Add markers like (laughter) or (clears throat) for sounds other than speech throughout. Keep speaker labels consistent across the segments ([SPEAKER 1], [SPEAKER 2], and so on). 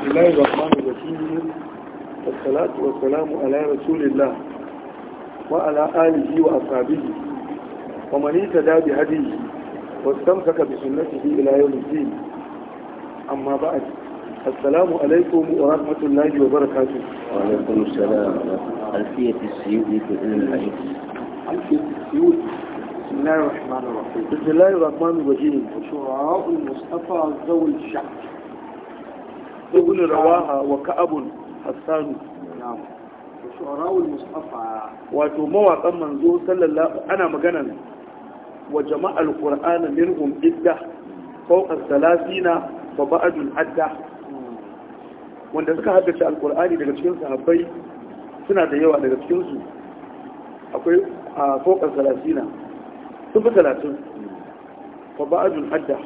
[SPEAKER 1] بسم الله الرحمن الرحيم والصلاة والسلام على رسول الله وعلى آله وأصحابه ومن اهتدى بهديه واستمسك بسنته إلى يوم الدين أما بعد السلام عليكم ورحمة الله وبركاته وعليكم السلام ألفية
[SPEAKER 2] السيوط في علم الحديث
[SPEAKER 1] ألفية السيوط بسم الله الرحمن الرحيم بسم الله الرحمن الرحيم وشعراء المصطفى ذوي الشعب
[SPEAKER 2] ibn rawaha
[SPEAKER 1] wa wato mawaƙan manzo sallallahu ana maganan wa jama'al qur'ana minhum idda fawqa thalathina fa ba'dul adda
[SPEAKER 2] hmm.
[SPEAKER 1] wanda suka haddace alqur'ani daga cikin sahabbai suna da yawa daga cikin su akwai a fawqa sun fi talatin fa hmm. ba'dul adda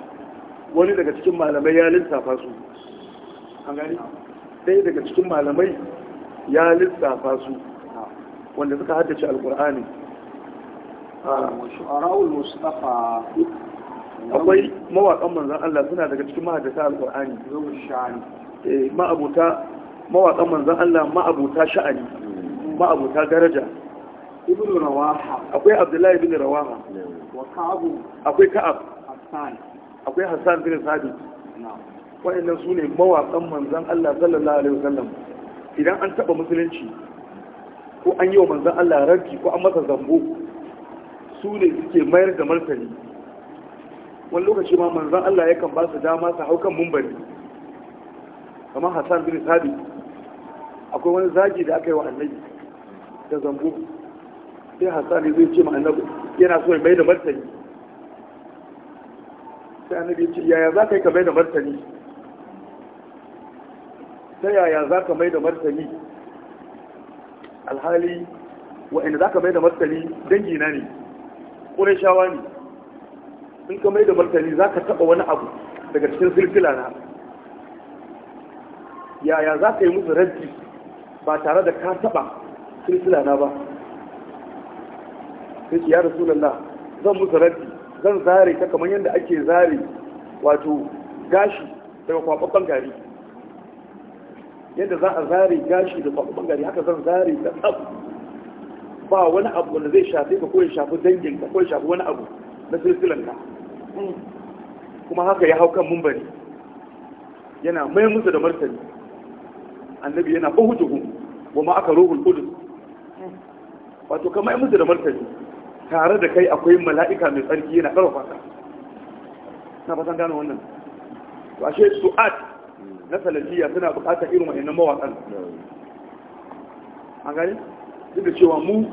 [SPEAKER 1] wani daga cikin malamai ya lissafa su ɗaya daga cikin malamai ya lissafa su wanda suka haddace alkur'ani ah, akwai mawaƙan manzan Allah suna daga cikin mahaddata alkur'ani eh, ma'abuta mawaƙan manzan Allah ma'abuta sha'ani ma'abuta daraja
[SPEAKER 2] ibn rawaha
[SPEAKER 1] akwai abdullahi bin rawaha akwai ka'ab akwai hassan bin sabit wa'annan su ne mawaƙan manzan Allah sallallahu alaihi wasallam idan an taɓa musulunci ko an yi wa manzan Allah rarki ko an masa zambo su ne suke mayar da martani wani lokaci ma manzan Allah yakan ba su dama su hau kan mumbari kamar Hassan bin Sabi akwai wani zagi da aka yi wa annabi da zambo sai Hassan zai ce ma annabi yana so ya mai da martani sai annabi ce yaya za ka yi ka mai da martani ta yaya za ka mai da martani alhali wa'anda za ka mai da martani dangina ne shawa ne in ka mai da martani za ka taɓa wani abu daga cikin silsila na yaya za ka yi musu raddi ba tare da ka taɓa silsila na ba sai ki ya rasulallah zan musu raddi zan zare ta kamar yadda ake zare wato gashi daga kwaɓaɓɓen gari yadda za a zare gashi da kwakwar bangare haka zan zare da tsab ba wani abu wanda zai shafi ka ko ya shafi dangin ka ko ya shafi wani abu na silsilan ka kuma haka ya hau kan mumbari yana mai musu da martani annabi yana fahujuhu wa ma aka ruhul qudus wato kamar musu da martani tare da kai akwai mala'ika mai tsarki yana ƙarfafa ka na fasan gano wannan Washe ashe su'at na salafiya suna bukatar irin nan mawaƙan A gani duk da cewa mu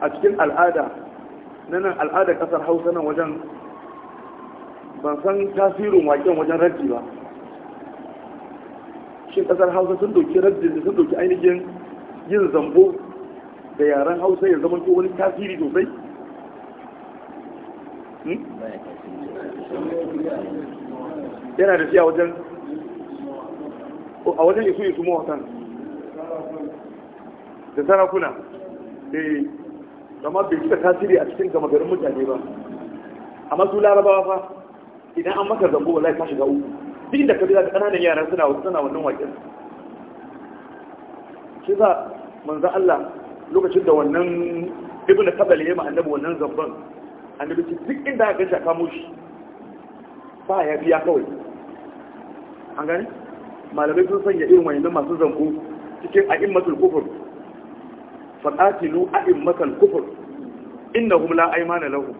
[SPEAKER 1] a cikin al'ada na nan al'adar ƙasar hausa nan wajen ban san tasirin waƙen wajen raddi ba shin ƙasar hausa sun doki da sun doki ainihin yin zambo da yaren hausa ya zama wani tasiri sosai hmm? yana da shi a wajen a wajen isu isu mawatan da sarakuna da eh, zama bai cika tasiri a cikin gama garin mutane ba amma su larabawa fa idan an maka zambo wallahi ka shiga uku duk da kabila da ƙananan yaran suna suna wannan wakil shi za manzo Allah lokacin da wannan ibnu kabal yayi ma annabi wannan zamban annabi ce duk inda aka shaka mushi ba ya biya kawai an gani malamai sun sanya irin wayannan masu zanku cikin a'immatul kufur faqatilu a'immatul kufur innahum la aymana lahum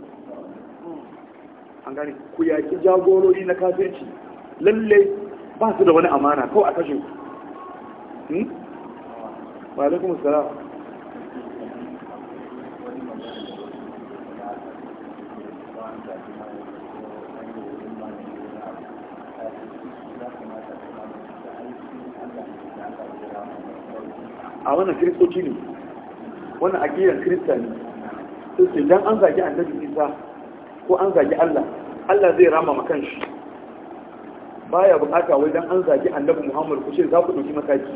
[SPEAKER 1] an gane ku yaki jagorori na kafirci lalle ba su da wani amana ko a kashe ku hmm? wa alaikumus salaam a wannan kiristoci ne wannan akiyar kirista ne ce don an zagi annabi isa ko an zagi allah allah zai rama ma Ba ya bukata wai don an zagi annabi Muhammadu ku ce za ku ɗauki mataki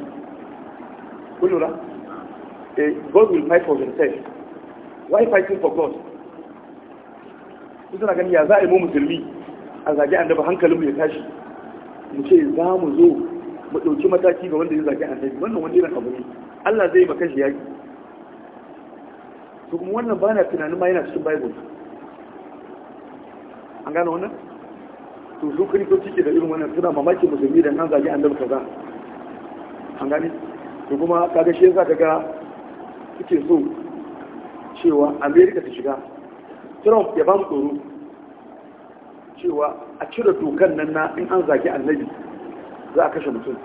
[SPEAKER 1] ku lura eh, god will fight for himself why fighting for god suna gani ya za a yi mu musulmi a zagi annabi mu ya tashi mu ce za mu zo mu ɗauki mataki ga wanda ya zagi annabi wannan wani irin abu ne Allah zai maka shi yaki to kuma wannan ba na tunanin ma yana cikin bible an gano wannan to su kristoci ke da irin wannan suna mamaki musulmi da nan zagi annabi kaza an gani. to kuma kaga shi yasa daga suke so cewa Amerika ta shiga trump ya ba mu tsoro cewa a cire dokan nan na in an zagi annabi za a kashe mutum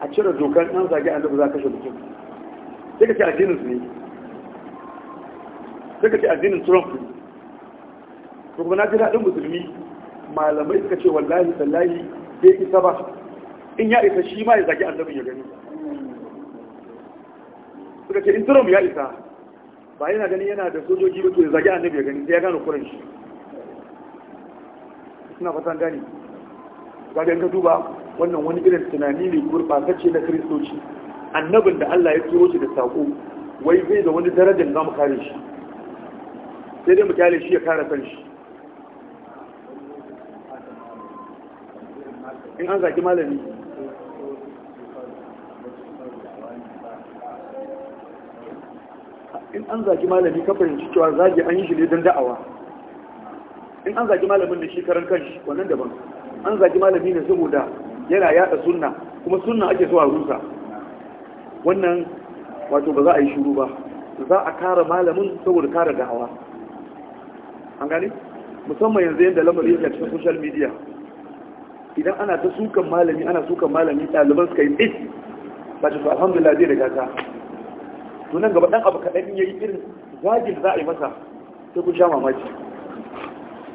[SPEAKER 1] a cire dokar an zage annabi za a kashe mutum sai ka ce addinin su ne sai ka ce addinin trump ne to kuma na ji daɗin musulmi malamai suka ce wallahi sallahi bai isa ba in ya isa shi ma ya zage annabin ya gani suka ce in trump ya isa ba yana gani yana da sojoji ba to ya zage annabi ya gani sai ya gane kuran shi suna fatan gani zage ka duba wannan wani irin tunani ne gurɓatacce na kiristoci annabin da Allah ya turo shi da sako wai zai da wani darajar za mu kare shi sai dai mu kare shi ya kare kan shi
[SPEAKER 2] in an zaki malami
[SPEAKER 1] in an zaki malami ka fahimci cewa zagi an yi shi ne don da'awa in an zaki malamin da shi karan kanshi wannan daban an zaki malami ne saboda yana yada sunna kuma sunna ake so a rusa wannan wato ba za a yi shiru ba za a kare malamin saboda kare da'awa an gani musamman yanzu yadda lamarin yake cikin social media idan ana ta sukan malami ana sukan malami ɗaliban suka yi ɗin ba ce su alhamdulillah zai daga ta. to nan gaba ɗan abu kaɗan ya yi irin zagin za a yi masa sai kun sha mamaki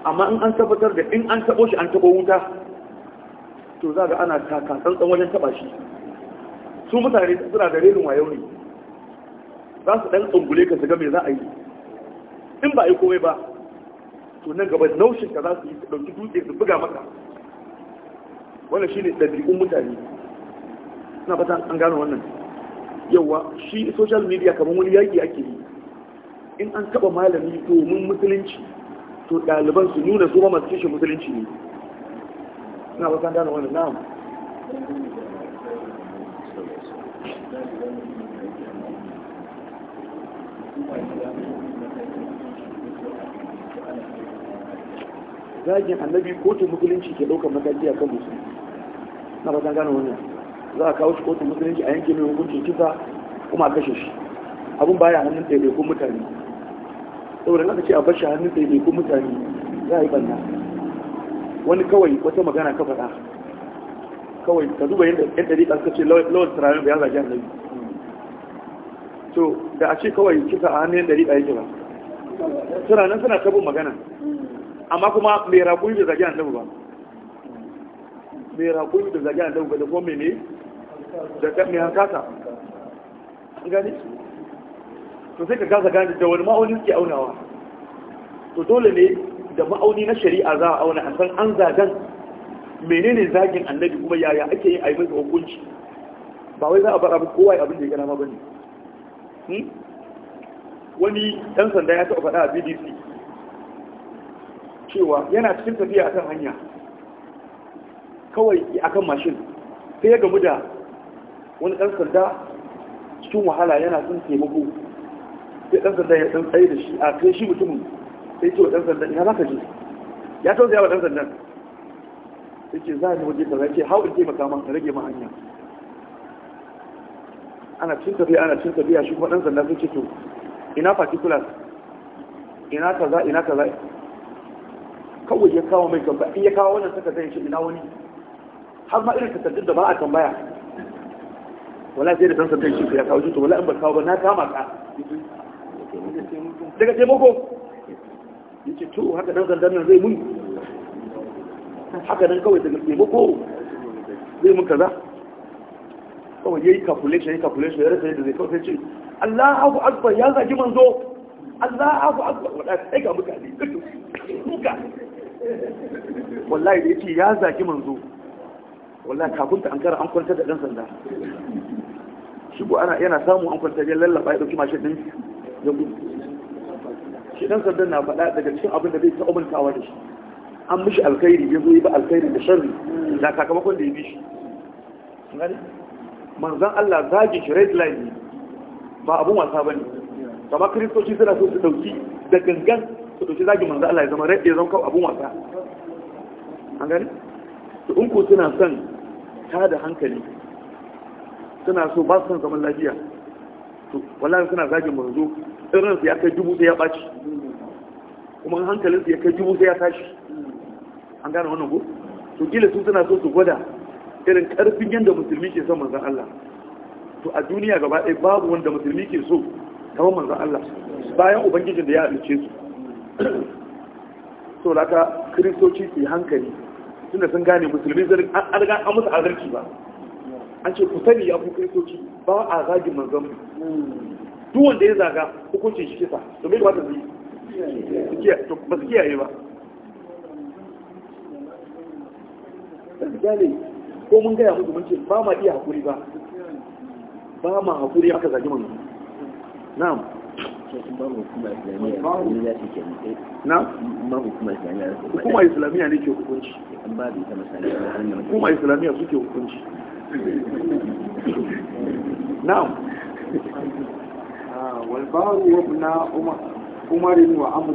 [SPEAKER 1] amma in an tabbatar da in an taɓo shi an taɓo wuta to za ga ana tsantsan wajen taba shi su mutane suna da renin wayo ne za su ɗan tsungule ka su ga me za a yi in ba a yi komai ba to nan gaba naushin ka za su yi su ɗauki dutse su buga maka wannan shine ɗabi'un mutane na fata an gano wannan yauwa shi social media kamar wani yaƙi ake yi in an taɓa malami to mun musulunci to ɗaliban su nuna su ma masu kishin musulunci ne suna ba
[SPEAKER 2] gane wani na'am
[SPEAKER 1] zagin annabi kotun musulunci ke ɗaukar matakiya a kan musulmi na ba gane wannan za a kawo shi kotun musulunci a yanke mai hukuncin kisa kuma a kashe shi abin baya hannun ɗaiɗaikun mutane saboda na ce a bashi hannun ɗaiɗaikun mutane za a yi banna wani kawai wata magana ka faɗa kawai ka duba yadda yan dariƙa ɗan ce lawan turayen bayan zagi annabi to da a ce kawai kisa a hannun dariƙa ɗaya ba turanen suna tabin magana amma kuma mai raƙuri da zagi annabi ba mai raƙuri da zagi annabi ba da kuma mai ne da mai hankasa gani to sai ka kasa gane da wani ma'aunin ke aunawa to dole ne da ma'auni na shari'a za a auna a san an zagan menene zagin annabi kuma yaya ake yin aibin da hukunci ba wai za a bar abin kowa abin da ya gana ma bane hmm? wani ɗan sanda ya taɓa faɗa a bbc cewa yana cikin tafiya a kan hanya kawai a kan mashin sai ya gamu da wani ɗan sanda cikin wahala yana son taimako sai ɗan sanda ya san tsaye da shi a kai shi mutumin sai ce wa ɗan sandan ina za ka je ya tausaya wa ɗan sandan sai ce za a ni waje kaza ce hau in taimaka ma ka rage ma hanya ana cin tafiya ana cin tafiya shi kuma ɗan sanda sun ce to ina particulars ina kaza ina kaza kawai ya kawo mai tambaya, in ya kawo wannan saka zai shi ina wani har ma irin takardun da ba a tambaya wala sai da ɗan sandan shi ya kawo shi to wala in ba kawo ba na kama ka daga taimako yace to haka dan sandan nan zai muni haka dan kawai daga ko zai mun kaza kawai yayi calculation yayi calculation ya rasa yadda zai kawai ce Allahu akbar ya zagi manzo Allahu akbar wada sai ga mutane
[SPEAKER 2] duka wallahi
[SPEAKER 1] da yace ya zagi manzo wallahi kafin ta an kara an kwantar da dan sanda shigo ana yana samu an kwantar ya lallaba ya dauki mashin din ya gudu shi dan sandan na faɗa daga cikin abin da zai ta umantawa da shi an mishi alkhairi ya zo yi ba alkhairi da sharri da sakamakon da ya bi shi manzan Allah zagi shi red line ne ba abun wasa bane. kamar kama kiristoci suna so su ɗauki da gangan su ɗauki zagi manzan Allah ya zama red ya zama kawai abun wasa an gani su ku suna son ta da hankali suna so ba su son zaman lafiya to wallahi suna zagin manzo in ya kai dubu sai ya ɓaci kuma hankalinsu ya kai dubu sai ya tashi an gane wannan ko to gila su suna so su gwada irin karfin yadda musulmi ke son manzan Allah to a duniya gaba ɗaya babu wanda musulmi ke so kamar manzan Allah bayan ubangijin da ya halice su so (clears throat) laka kiristoci su yi hankali suna sun gane musulmi zarin an an musu azarci ba an ce ku sani ya ku kiristoci ba a zagin manzan mu duk wanda ya zaga hukuncin shi kisa to me ba ta ba su kiyaye ba gane ko mun gaya musu mun ce ba ma iya hakuri ba ba ma hakuri aka zagi mun na'am hukuma islamiyya ne ke hukunci hukuma islamiyya suke hukunci
[SPEAKER 2] na'am والبار وابن عمر وعمر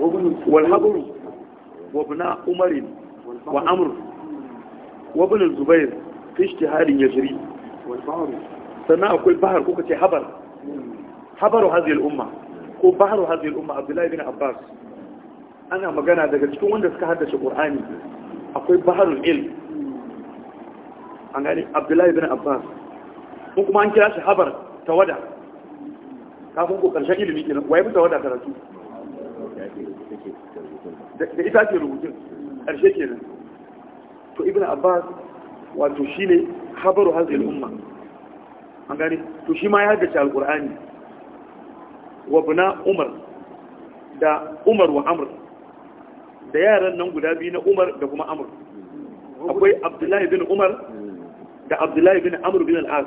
[SPEAKER 1] وابن والحبر وابن عمر وعمر وابن الزبير في اجتهاد يجري والبار سنا أقول بحر كوكتي حبر حبر هذه الأمة ko baharu hazil umma abdullahi bin abbas ana magana daga cikin wanda suka haddace qur'ani akwai baharul ilm an abdullahi bin abbas kuma an kira shi habar tawada kafin ko karshen ilimi kenan waye muka wada karatu da ita ke rubutun karshe kenan to ibn abbas wato shine habaru hazil umma an gani. to shi ma ya haddace alqur'ani wa buna umar da umar wa Amur, da yaran nan guda biyu na umar da kuma Amur, akwai abdullahi bin umar da abdullahi bin Amur bin al-as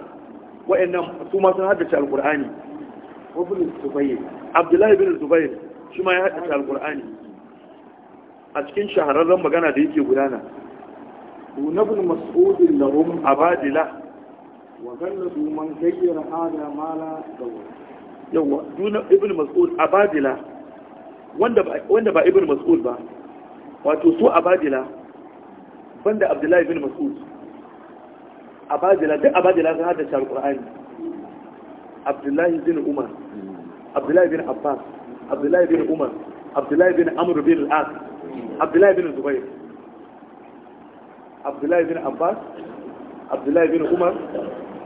[SPEAKER 1] wa'annan su ma sun haddace alqur'ani wabin zubair abdullahi bin zubair shi ma ya haɗa alkur'ani a cikin shahararren magana da yake gudana dunabin mas'udin lahum abadila wa galladu man gayyar hada mala da yawa duna ibn mas'ud abadila wanda ba wanda ba ibn mas'ud ba wato su abadila banda abdullahi bin mas'ud abadila duk abadila sun hada alkur'ani abdullahi bin umar abdullahi bin abbas abdullahi bin umar abdullahi bin amr bin al-as abdullahi bin zubair abdullahi bin abbas abdullahi bin umar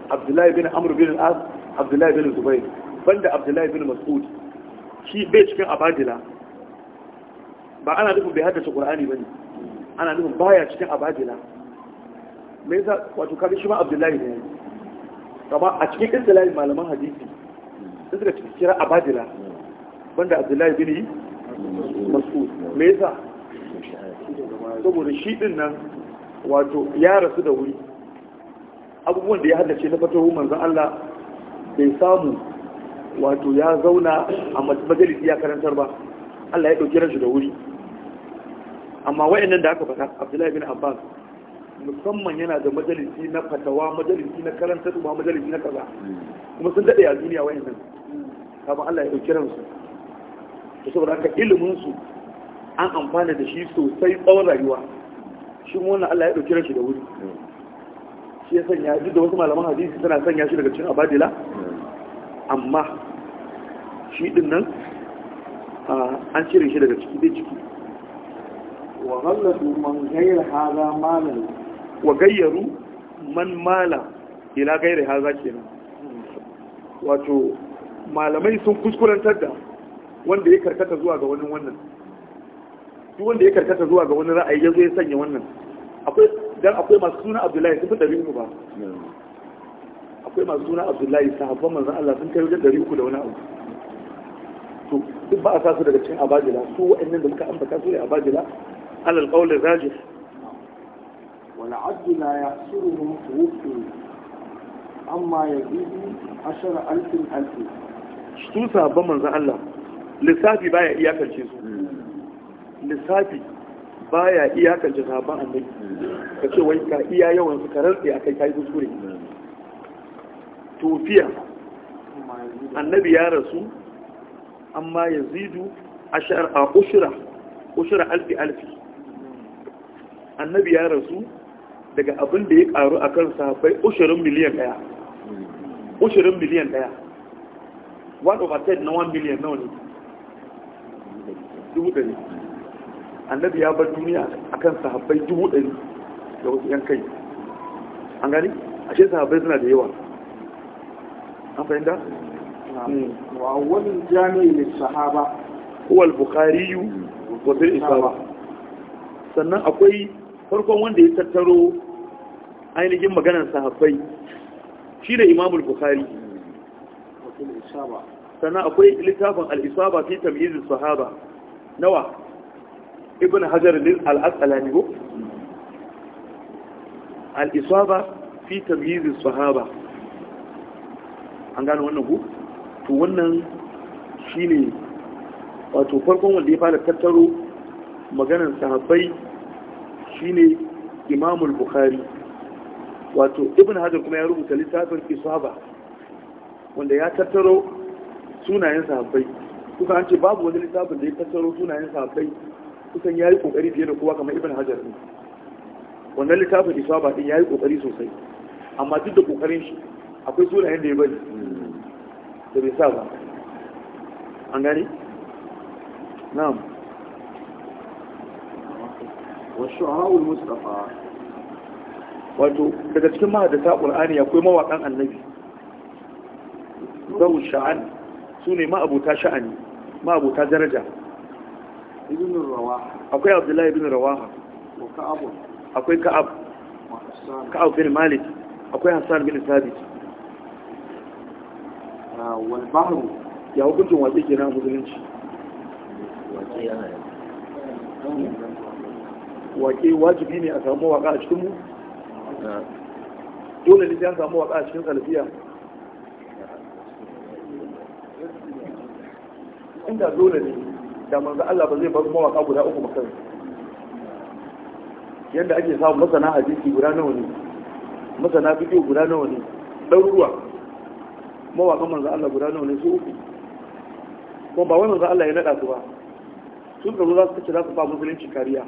[SPEAKER 1] abdullahi bin amr bin al-as abdullahi bin zubair banda abdullahi bin mas'ud shi bai cikin abadila ba ana nufin bai haddace ba ne, ana nufin baya cikin abadila me yasa wato kaga shi ma abdullahi ne a cikin istilahi malaman hadisi sai suka kira abadila banda abdullahi bin mas'ud me yasa saboda shi din nan wato ya rasu da wuri abubuwan da ya haddace na fatohu manzo Allah bai samu wato ya zauna a majalisi ya karantar ba Allah ya dauki ranshi da wuri amma wayannan da aka faɗa Abdullahi bin Abbas musamman yana da majalisi na fatawa majalisi na karanta ba majalisi na kaza kuma sun daɗe a duniya wayan nan kafin Allah ya ɗauki ransu to saboda haka ilimin su an amfana da shi sosai tsawon rayuwa shi wannan Allah ya ɗauki ransu da wuri shi ya sanya duk da wasu malaman hadisi suna sanya shi daga cikin abadila amma shi din nan an cire shi daga ciki dai ciki wa ghallatu man ghayr hadha malan wa gayyaru man mala ila gairi haza kenan wato malamai sun kuskurantar da wanda ya karkata zuwa ga wani wannan duk wanda ya karkata zuwa ga wani ra'ayi ya ya sanya wannan akwai dan akwai masu suna Abdullahi sun fi dari uku ba akwai masu suna Abdullahi sahabban manzon Allah sun kai wajen dari uku da wani abu to duk ba a sa su daga cikin abajila su wa'annan da muka ambata su ne abajila alal qawl rajih
[SPEAKER 2] والعبد لا يحصرهم وفر أما يزيد عشر
[SPEAKER 1] ألف ألف شتون sahabban manzan Allah lissafi baya iyakance su hmm. lissafi baya iyakance sahabban annabi hmm. ka ce wai ka iya yawan su ka rantse akai kai kuskure hmm. annabi ya rasu amma yazidu a ushra alfi alfi annabi ya rasu daga abin da ya karu a kan sahabbai ushirin miliyan daya ushirin miliyan daya one over ten na one miliyan nawa ne dubu ɗari annabi ya bar duniya a kan sahabbai dubu ɗari da wasu yan kai an gani shi sahabbai suna da yawa an fahimta wa wani jami'in sahaba kowal bukari yu wa bil isaba sannan akwai farkon wanda ya tattaro ainihin maganar sahafai shi da imamul bukari sannan akwai littafin al'isaba fi tamizin sahaba nawa ibn hajar al'asqalani ko al'isaba fi tamizin sahaba an gano wannan ku to wannan shi ne wato farkon wanda ya fara tattaro maganar sahabai shi ne imamul bukari wato ibn hajar kuma ya rubuta littafin isaba wanda ya tattaro sunayen sahabbai kuka an ce babu wani littafin da ya tattaro sunayen sahabbai kusan ya yi kokari fiye da kowa kamar ibn hajar ne wannan littafin isaba din ya yi kokari sosai amma duk da kokarin shi akwai sunayen da ya bari da bai sa ba an gani na'am والشعراء المصطفى wato daga cikin mahadasa ƙul'ani akwai mawaƙan annabi zaun sha'an su ne ma'abuta sha'ani ma'abuta daraja akwai abdullahi bin rawaha akwai ka'ab ka'ab bin malik akwai hassan bin sabit ya hukuncin wasu ke nan musulunci wajibi ne a samu mawaka a cikinmu dole ne ya samu watsa a cikin salafiya inda dole ne da manzo Allah ba zai bar waka guda uku ba kai yadda ake samu masana hadisi guda nawa ne masana bidiyo guda nawa ne ruwa mawakan manzo Allah guda nawa ne su uku kuma ba wai Allah ya naɗa su ba sun tsaro za su kace za su ba musulunci kariya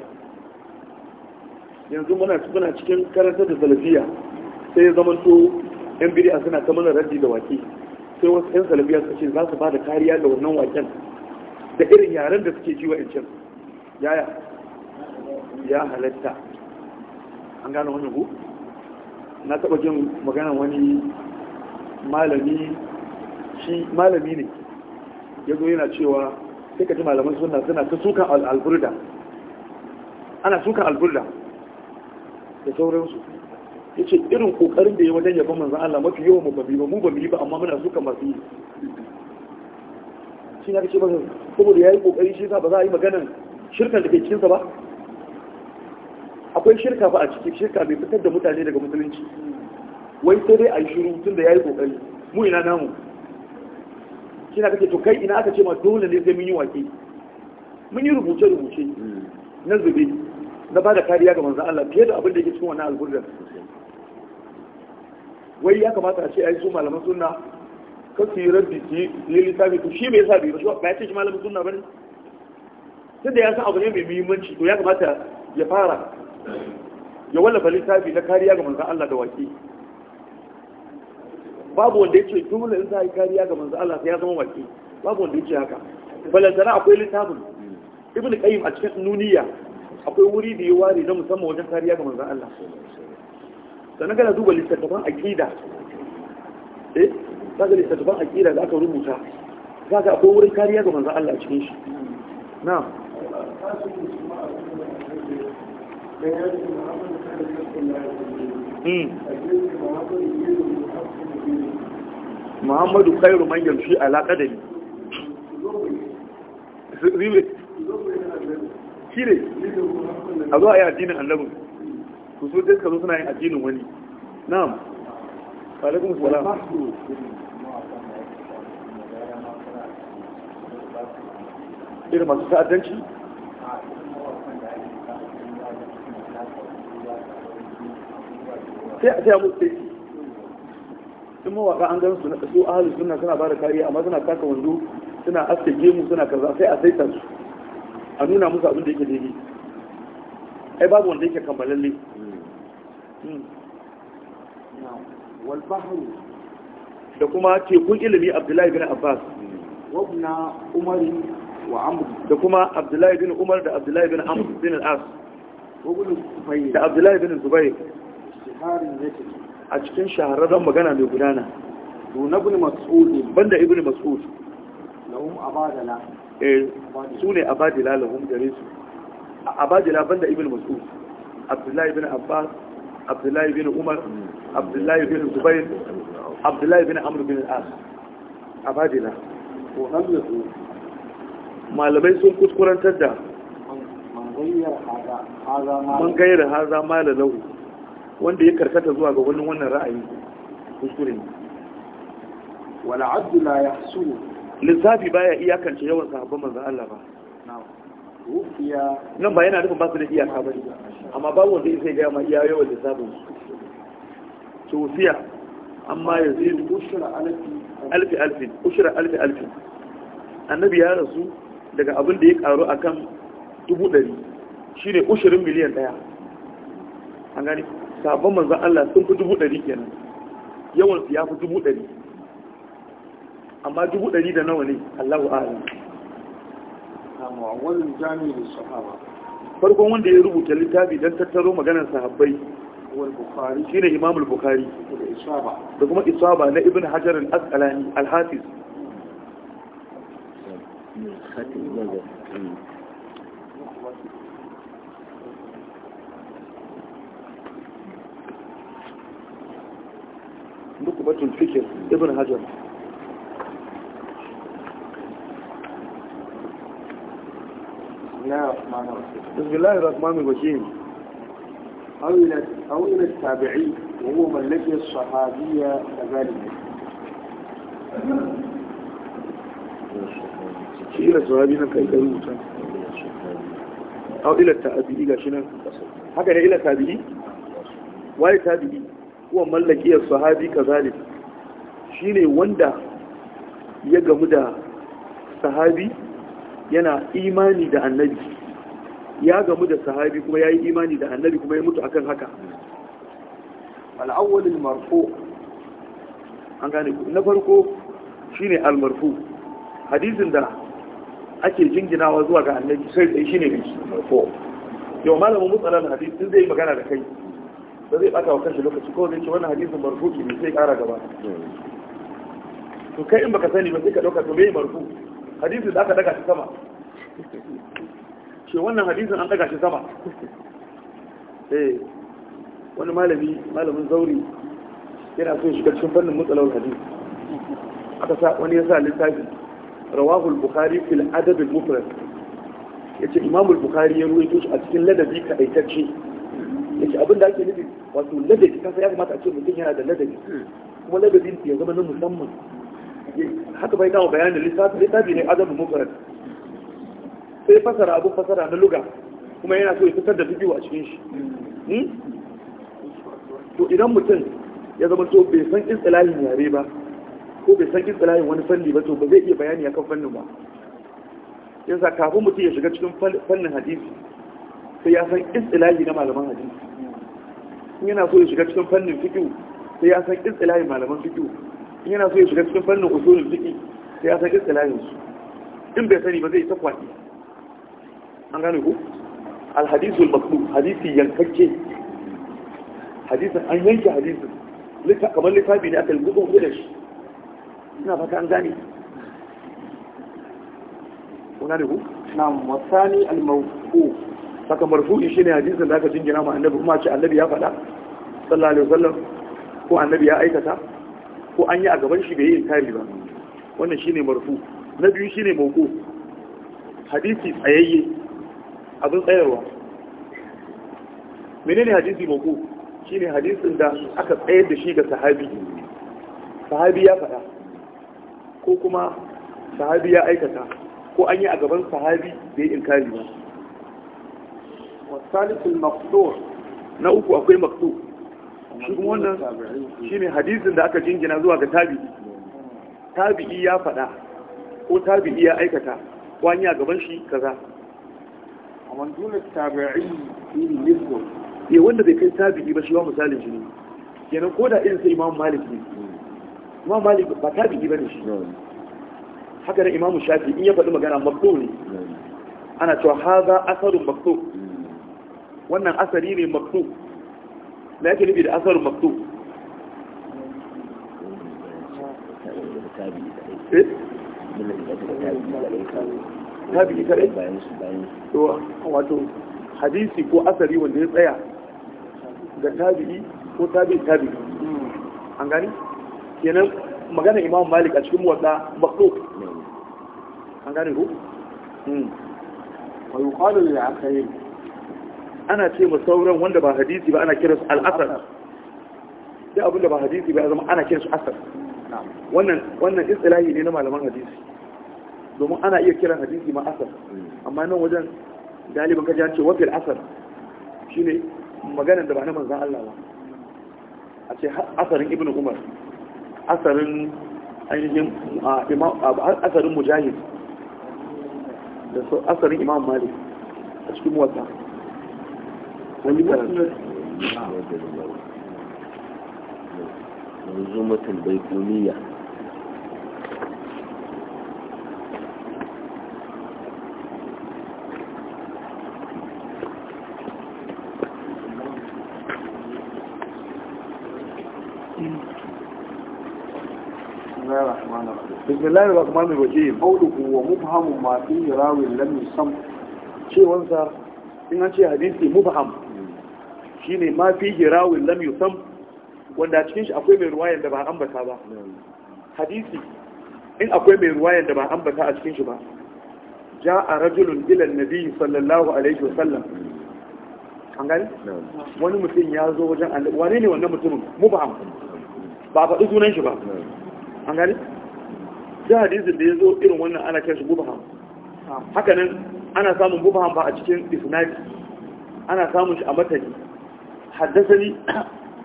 [SPEAKER 1] yanzu muna cikin karanta da salafiya sai ya zama to yan bid'a suna ta mana raddi da waki sai wasu yan salafiya su ce za su ba da kariya ga wannan waken da irin yaren da suke jiwa incin yaya ya halatta an gane wani hu na taba jin magana wani malami shi malami ne ya zo yana cewa sai ka ji malaman suna suna ta sukan alburda ana sukan alburda da sauransu ya ce irin kokarin da ya wajen yabon manzan Allah mafi yawan mu babi ba mu babi ba amma muna suka masu yi shi na kace ba saboda ya yi kokari shi ba za a yi maganan shirkan da ke cikinsa ba akwai shirka ba a cikin shirka mai fitar da mutane daga musulunci wai sai dai a yi shiru tun da ya yi kokari mu ina namu shi na kace to kai ina aka ce ma dole ne sai mun yi wake mun yi rubuce-rubuce hmm. na zube na ba da kariya ga manzan Allah fiye da abin da yake cikin wannan alburdan wai ya kamata a ce ai su malaman sunna ka su yi rabbi su yi lissafi to shi bai sa bai ba ba ya ce shi malamin sunna ne sun da ya san abu ne mai muhimmanci to ya kamata ya fara ya wallafa lissafi na kariya ga manzan Allah da wake. babu wanda ya ce tumula in za a yi kariya ga manzan Allah sai ya zama wake. babu wanda ya ce haka balantana akwai littafin ibn qayyim a cikin nuniya akwai wuri da ya ware na musamman wajen kariya ga manzan Allah sannan kana duba littattafan aƙida eh ta ga littattafan aƙida da aka rubuta za ka akwai wurin kariya ga manzan Allah cikin shi na hmm. Muhammadu Khairu man yamshi ala qadami. shi ne a zo a yi addinin annabin ku so dai zo suna yin addinin wani na'am alaikum salam irin masu ta'addanci sai a sai musu sai in mawaka an gan su na ƙasu ahalus suna suna ba da kariya amma suna kaka wando suna aske gemu suna kaza sai a saita su a nuna musu abin da yake daidai ai babu wanda yake kammalalle hmm. walbaharu da kuma tekun ilimi abdullahi bin abbas wabna umari wa amr da kuma abdullahi bin umar da abdullahi bin amr bin al-as da abdullahi bin zubair a cikin shahararren magana mai gudana duna ibn mas'ud banda ibn mas'ud
[SPEAKER 2] lahum abadala
[SPEAKER 1] Eh, su ne abadila lahum gare su abadila banda ibn Mas'u, abdullahi bin abbas abdullahi bin umar abdullahi bin zubair abdullahi bin Amur, bin al-as abadila malamai sun kuskurantar da man gayyar haza mala wanda ya karkata zuwa ga wani wannan ra'ayi kuskure ne wala abdullahi ya suru lissafi baya iyakance yawan sahabban manzan Allah ba nan ba yana nufin ba su da iyaka ba ne amma babu wanda zai gaya ma iya yawan lissafi su tofiya amma ya zai alfi alfi ushira alfi alfi annabi ya rasu daga abin da ya karu a kan dubu ɗari shi ne ushirin miliyan ɗaya an gani sabon manzan Allah sun fi dubu ɗari kenan yawan su ya fi dubu ɗari amma dubu ɗari da nawa ne Allahu a'lam
[SPEAKER 2] awwalul jami'i
[SPEAKER 1] sahaba farkon wanda ya rubuta littafi don tattaro maganar sahabbai shi ne al-Bukhari da kuma Isaba na Ibn Hajar al-Asqalani al-Hafiz Nukubatul Fikir Ibn Hajar بسم الله الرحمن الرحيم
[SPEAKER 2] أو إلى أو إلى التابعي
[SPEAKER 1] وهو من لقي الصحابية كذلك.
[SPEAKER 2] إلى الصحابيين كيف
[SPEAKER 1] أو إلى التابعي إلى شنو؟ هكذا إلى التابعي waye tabi'i kuwa mallakiyar sahabi kazalik shine wanda ya gamu da sahabi yana imani da annabi ya gamu da sahabi kuma ya yi imani da annabi kuma ya mutu akan haka al'awwalin marfo an gane na farko shine al-marfu hadisin da ake jinginawa zuwa ga annabi sai dai shine marfo yau malamin mutsalan hadis din zai magana da kai da zai bata wa kanshi lokaci ko zai ce wannan hadisin marfu ne sai kara gaba to kai in baka sani ba sai ka dauka to me marfu hadisin da aka daga shi sama shi wannan hadisin an daga shi sama eh wani malami malamin zauri yana so shiga cikin fannin mutsalawar hadisi aka sa wani ya sa littafi rawahul bukhari fil adab al mufrad yace imam al bukhari ya ruwaito shi a cikin ladabi kadaitacce yace abin da ake nufi wato ladabi kasa ya kamata a ce mutum yana da ladabi kuma ladabin ya zama na musamman haka bai dawo bayanin lissafi littafi ne azabul mufrad sai fasara abu fasara na luga kuma yana so ya fitar da bidiyo a cikin shi hmm? to idan mutum ya zama to bai san istilahin yare ba ko bai san istilahin wani fanni ba to ba zai iya bayani akan fannin ba yasa kafin mutum ya shiga cikin fannin hadisi sai ya san istilahi na malaman hadisi in yana so ya shiga cikin fannin fiqh sai ya san istilahin malaman fiqh yana so ya shiga cikin fannin usulun ciki sai ya sake tsalayin su in bai sani ba zai ta kwaki an gane ku alhadisul hadithul hadisi yankakke hadisin an yanke hadisin kamar littafi ne aka lubuɗin kuɗe shi ina fata an gane kuna da ku? na masani almarfu saka marfu'i shi ne hadisin da aka jingina ma annabi kuma ce annabi ya faɗa sallallahu alaihi wasallam ko annabi ya aikata ko an yi a gaban shi bai yi inkari ba wannan shine marfu na biyu shine moko. hadisi tsayayye abin tsayarwa menene hadisi Shi shine hadisin da aka tsayar da shi ga sahabi sahabi ya faɗa ko kuma sahabi ya aikata ko an yi a gaban sahabi bai yi inkari ba wasalisul maqdur na uku akwai maqdur cikin wannan ne hadisin da aka jingina zuwa ga tabi'i tabi'i ya faɗa ko tabi'i ya aikata wani a gaban shi kaza a mandunar tabi'i irin nisbo ya eh, wanda bai kai tabi'i ba shi wa misalin shi ne kenan ko da irin sai imam malik ne imam malik ba tabi'i ba ne shi haka da imam shafi in ya faɗi magana makto ne ana cewa haza asarin makto mm. wannan asari ne makto me yake nufi da asarun maktub
[SPEAKER 2] eh? tabi'i kadai
[SPEAKER 1] wato hadisi ko asari wanda ya tsaya ga tabi'i ko tabi'i tabi'i an gani kenan magana imam malik a cikin wata makhluk an gani ko hmm. wa da aka akhirin ana ce ma sauran wanda ba hadisi ba ana kiransu al'asar da abinda ba hadisi ba zama ana kiransu asar wannan wannan istilahi ne na malaman hadisi domin ana iya kiran hadisi ma asar
[SPEAKER 2] hmm.
[SPEAKER 1] amma nan wajen galibin kaji an ce wafil asar shine maganar da ba na manzan Allah ba a ce asarin ibn umar asarin ainihin asarin mujahid da asarin imam malik
[SPEAKER 2] a cikin wata منظومة البيتونية
[SPEAKER 1] بسم الله الرحمن الرحيم قوله هو مبهم ما فيه راوي لم يسمع شيء وانسى إن شيء حديثي مبهم shine ma fi hirawin lam yusam wanda a cikin shi akwai mai ruwayan da ba ambata ba hadisi in akwai mai ruwayan da ba ambata a cikin shi ba Ja a rajulun ila nabi sallallahu alaihi wasallam an gani wani mutum ya zo wajen annabi wane ne wannan mutumin mu ba faɗi sunan shi ba an gani ja hadisin da ya zo irin wannan ana kai shi mubham haka nan ana samun mubham ba a cikin isnadi ana samun shi a matani haddasani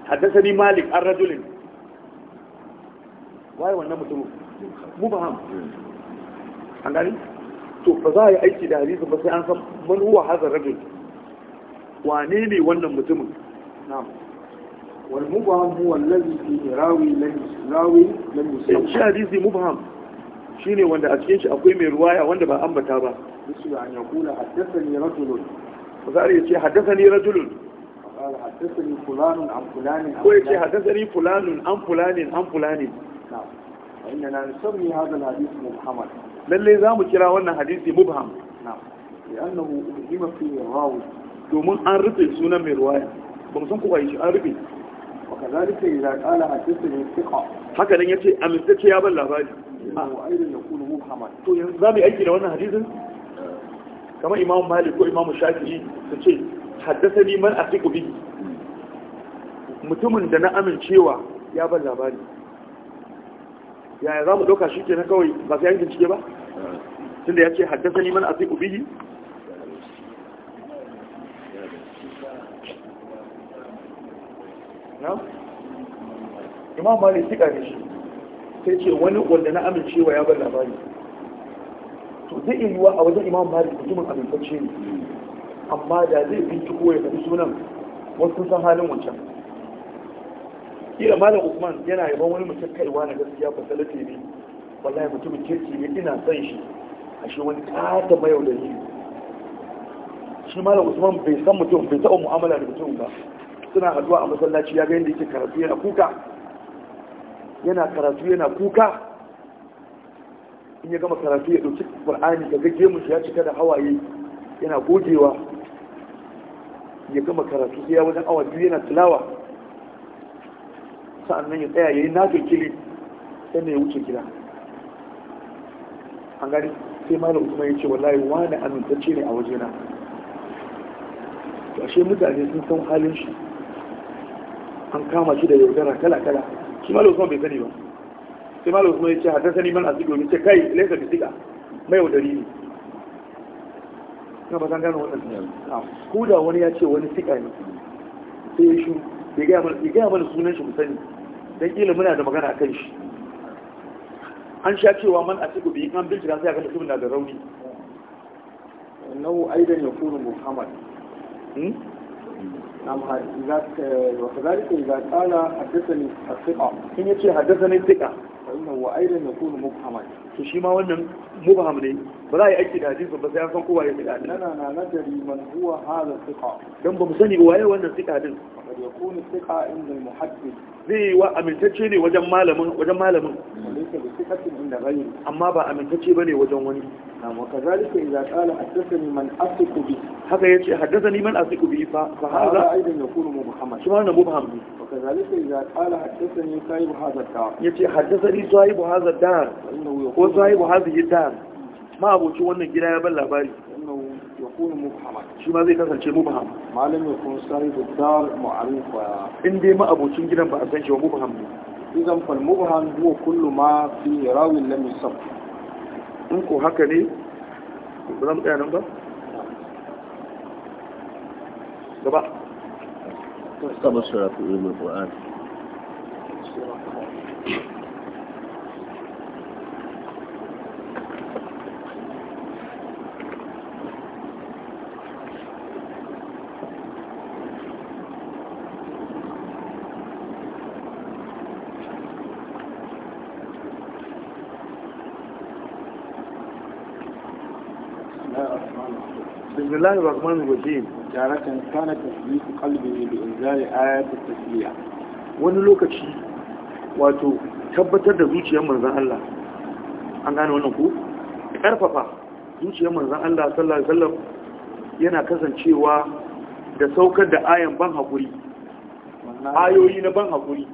[SPEAKER 1] haddasani malik an rajulin waye wannan mutum ham an gani to ba za a yi aiki da hadisin ba sai an san man huwa hadha rajul wane ne wannan mutumin na'am wal mubham huwa allazi fi rawi lam rawi lam yusawwi eh, shi hadisi mubham shine wanda a cikin shi akwai mai ruwaya wanda ba ambata ba bisu an yakula haddathani rajulun ba za a yi ce haddathani rajulun haddasani fulanun an fulanin ko ya ce haddasani fulanun an fulanin an fulanin inda na nusammi hadal hadisi muhammad lalle za mu kira wannan hadisi mubham li'annahu ubhima fi rawi domin an rufe sunan mai ruwaya ba mu san ko shi an rufe wa kadhalika idza qala haddathani thiqa haka nan yace amintacce ya ban labari wa aidan yakunu mubham to yanzu za mu aiki da wannan hadisin kamar imam malik ko imam shafi'i su ce haddasa man asiku mutumin da na amincewa ya ban labari yaya za mu ɗauka shi ke na kawai ba sai yankin cike ba tunda ya ce haddasa ni mana a sai ubihi imam malik sika ne shi sai ce wani wanda na amincewa ya ban labari to zai iya yiwa a wajen imam malik mutumin amintacce ne amma da zai binciko ya faɗi sunan wasu san halin wancan kila malam usman yana yaban wani mutum kaiwa na gaskiya fasalite ne wallahi mutumin kirki ne ina son shi a shi wani kata mai da shi malam usman bai san mutum bai taɓa mu'amala da mutum ba suna haduwa a masallaci ya ga yadda yake karatu yana kuka yana karatu yana kuka in ya gama karatu ya ɗauki qur'ani daga gemun shi ya cika da hawaye yana gogewa ya gama karatu sai ya wajen awa biyu yana tilawa sa'annan ya tsaya yi nafin kili sannan ya wuce gida an gani sai malam usman ya ce wallahi wani amintacce ne a wajena to ashe mutane sun san halin shi an kama shi da yaudara kala kala shi malam usman bai sani ba sai malam usman ya ce hata sani man su domin ce kai laifin da siga mai yaudari ne na ba san gano waɗansu ko da wani ya ce wani siga ne sai ya shi ya gaya mana sunan shi ku sani don ƙila muna da magana kan shi an sha cewa man a cikin biyu kan bincika sai a kasa da rauni
[SPEAKER 2] nau aidan ya
[SPEAKER 1] kuru muhammad وكذلك haddasa ya muhammad. to shi ma wannan mubham ne ba za a yi aiki da hadisin ba sai an san kowa ya fi hadin lana na nadari man huwa hadha thiqa dan ba mu sani waye wannan thiqa din kad yakunu thiqa inda al muhaddith zai wa amintacce ne wajen malamin wajen malamin laysa bi thiqatin inda ghayri amma ba amintacce bane wajen wani amma kazalika idza qala haddathani man asiqu bi haka yace haddathani man asiqu bi fa fa hadha aidan
[SPEAKER 2] yakunu mubham shi ma wannan mubham ne
[SPEAKER 1] kazalika idza qala haddathani sahib hadha dar yace haddathani sahib hadha dar innahu wasu haihu yi dar ma aboci wannan gida ya ban labari shi ma zai kasance mubham malam ya kun sahibu dar mu'arifa in dai ma abocin gidan ba a san shi wa mubham ne idan fal mubham huwa kullu ma fi rawin lam yusab in ko haka ne ba zan tsaya nan ba
[SPEAKER 2] gaba ta saba sura fi ilmul qur'an
[SPEAKER 1] الله الرحمن الرحيم تارة كان تسليك قلبه بإنزال آيات wani lokaci wato tabbatar da zuciyar manzan Allah an gane wannan دوش ƙarfafa zuciyar manzan Allah الله عليه وسلم yana kasancewa da saukar da ayan ban haƙuri, ayoyi na ban haƙuri,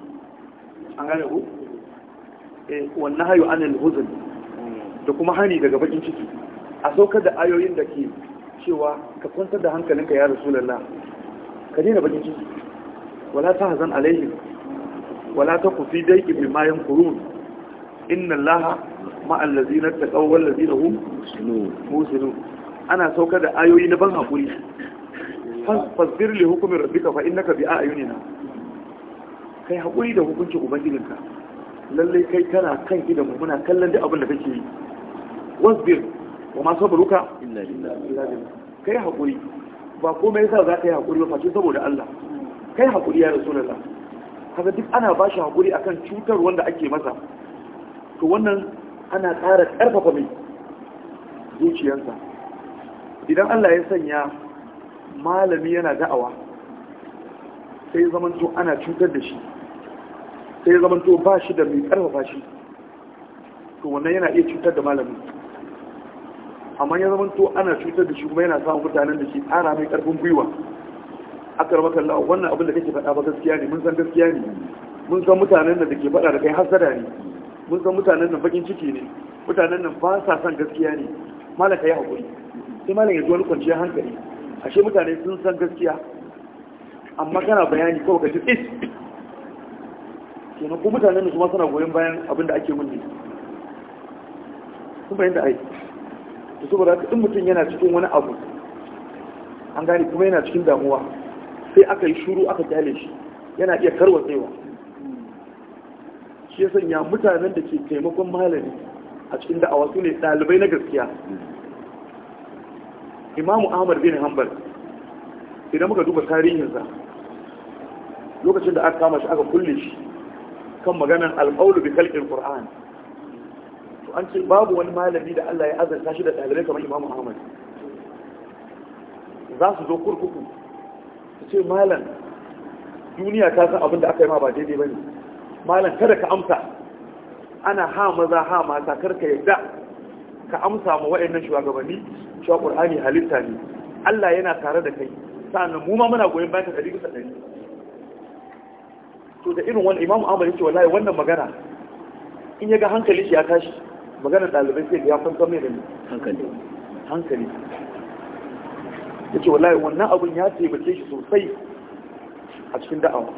[SPEAKER 1] an gane ku eh wannan hayo anil huzun
[SPEAKER 2] hmm.
[SPEAKER 1] da kuma hani daga bakin ciki a saukar da ayoyin da ke cewa ka kwantar da hankalinka ya rasu, lalla. ka dina bakin ciki wala ta hazan alaihim wala ta kufi daiki bi mayan kurun inna allaha ma'al ladzina taqaw wal ladzina hum musinun ana saukar da ayoyi na ban hakuri fasbir li hukmi rabbika fa innaka bi ayunina kai haƙuri da hukuncin ubangijinka Lallai kai kana kan mu, muna kallon duk abin da kake yi wasbir wa ma sabruka illa billah kai hakuri ba komai sa za ka yi hakuri ba face saboda Allah kai hakuri ya rasulullah kaga duk ana ba shi hakuri akan cutar wanda ake masa to wannan ana ƙara ƙarfafa mai zuciyarsa idan Allah ya sanya malami yana da'awa sai zamanto ana cutar da shi sai zamanto ba shi da mai ƙarfafa shi to wannan yana iya cutar da malamin amma ya zama to ana cutar da shi kuma yana samun mutanen da ke ƙara mai ƙarfin gwiwa a rama kalla wannan abin da kake faɗa ba gaskiya ne mun san gaskiya ne mun san mutanen da ke faɗa da kai hasada ne mun san mutanen nan bakin ciki ne mutanen nan ba sa san gaskiya ne malaka ya haƙuri sai malam ya zo wani kwanciyar hankali ashe mutane sun san gaskiya amma kana bayani kawai ka ji is kenan ko mutanen da kuma suna goyon bayan abin da ake mun ne sun bayan da aiki da saboda haka in mutum yana cikin wani abu an gane kuma yana cikin damuwa sai aka yi shuru aka kyale shi yana iya karwatsewa shi ya sanya mutanen da ke taimakon malami a cikin da'awa su ne ɗalibai na gaskiya imamu ahmad bin hanbal idan muka duba tarihinsa lokacin da aka kama shi aka kulle shi kan maganar alƙaulu bi kalƙin qur'an to an ce babu wani malami da Allah ya azarta shi da ɗalibai kamar Imam Ahmad za su zo kurkuku su ce malam duniya ta san abin da aka yi ma ba daidai bane malam kada ka amsa ana ha maza ha mata kar ka yadda ka amsa ma waɗannan shugabanni cewa Qur'ani halitta ne Allah yana tare da kai sannan mu ma muna goyon bayan ka ɗari bisa ɗari to da irin wani Imam Ahmad ya ce wallahi wannan magana in ya ga hankali shi ya tashi magana dalibai sai ya san mai da hankali hankali yace wallahi wannan abun ya taimake shi sosai a cikin da'awa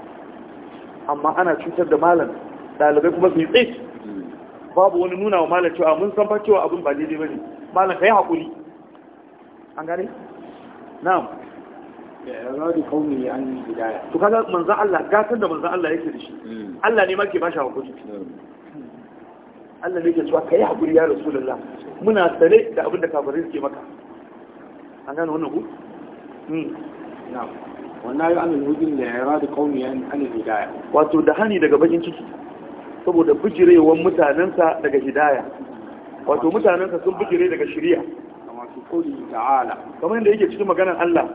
[SPEAKER 1] amma ana cutar da malam dalibai kuma su yi tsaye hmm. babu wani nuna wa malam cewa mun san fa cewa abin ba daidai bane malam kai hakuri an gane na'am ya radi kauni an yi hidaya to kaga manzan Allah gatar da manzan Allah yake da shi hmm. Allah ne ma ke ba shi hakuri hmm. Allah ne ke zuwa ka yi haƙuri ya rasulullah muna sane da abin da kafirai suke maka an gane wannan ku hmm. na wannan yi amin hudun da ya rada kauni an hannun hidaya wato da hani daga bakin ciki saboda bijirewan mutanensa daga hidaya
[SPEAKER 2] wato mutanensa
[SPEAKER 1] sun bijire daga shirya kamar su ta'ala kamar yadda yake cikin maganar Allah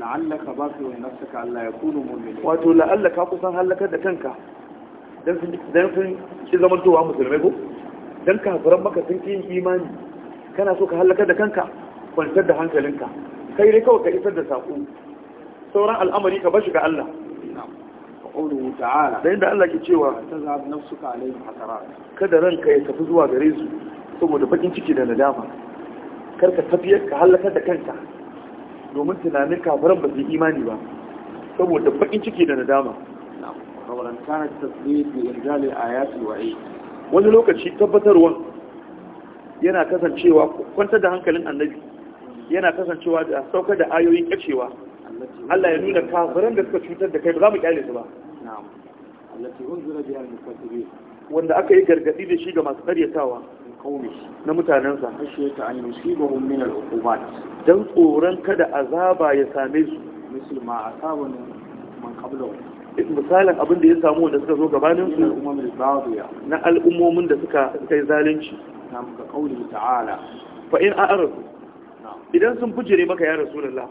[SPEAKER 1] la'allaka baqi'un nafsaka Allah
[SPEAKER 2] yakunu mu'minin
[SPEAKER 1] wato la'allaka kusan halakar da kanka dan sun ki zamantowa musulmai ko dan kafiran maka sun ki imani kana so ka halakar da kanka kwantar da hankalinka kai dai kawai ka isar da saƙo. sauran al'amari ka bashi ga Allah da inda Allah ke cewa tazab nafsuka alayhi hasarat kada ranka ya tafi zuwa gare su saboda bakin ciki da nadama kar ka tafiyar ka halakar da kanka domin tunanin kafiran ba su yi imani ba saboda bakin ciki da nadama na'am kawalan kana tasbih bi a ayati wa'id wani lokaci tabbatarwa yana kasancewa kwantar da hankalin annabi yana kasancewa da saukar da ayoyin kacewa Allah ya nuna kafiran da suka cutar da kai ba za mu kyale su ba wanda aka yi gargadi da shi ga masu karyatawa na mutanensa don tsoron kada azaba ya same su musulma a sabon man misalin abin da ya samu wanda suka zo gabanin su na al'ummomin da suka kai zalunci fa in a'rafu idan sun bujire maka ya rasulullah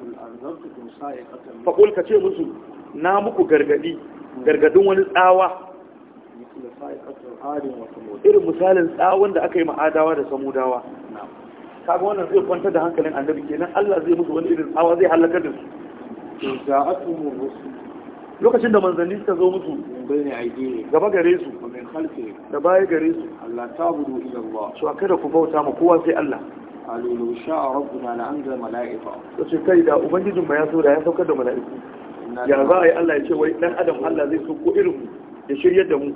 [SPEAKER 1] fa qul ka ce musu na muku gargadi gargadin wani tsawa irin misalin tsawon da aka yi ma'adawa da samudawa kaga wannan zai kwanta da hankalin annabi kenan Allah zai musu wani irin tsawa zai halakar da su lokacin da manzanni suka zo musu gaba gare su da baya gare su Allah ta budu ila Allah so da ku bauta ma kowa sai Allah qalu law sha'a rabbuna la anzala mala'ika to sai kai da ubangijin ba ya so da ya saukar da mala'iku ya za a yi Allah ya ce wai dan adam Allah zai so ko irin mu ya shiryar da mu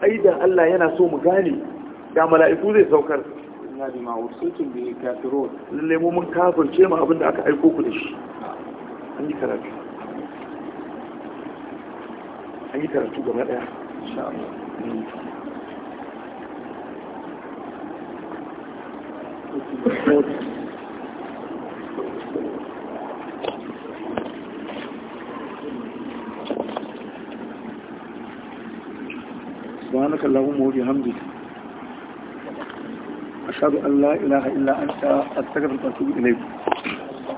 [SPEAKER 1] ai da Allah yana so mu gane da mala'iku zai saukar inna bima ursiltum bihi kafirun lalle mu mun kafirce mu abinda aka aiko ku da shi an yi karatu an yi
[SPEAKER 2] karatu gaba daya
[SPEAKER 1] سبحانك اللهم وبحمدك
[SPEAKER 2] أشهد أن لا إله إلا أنت أستغفرك وأتوب إليك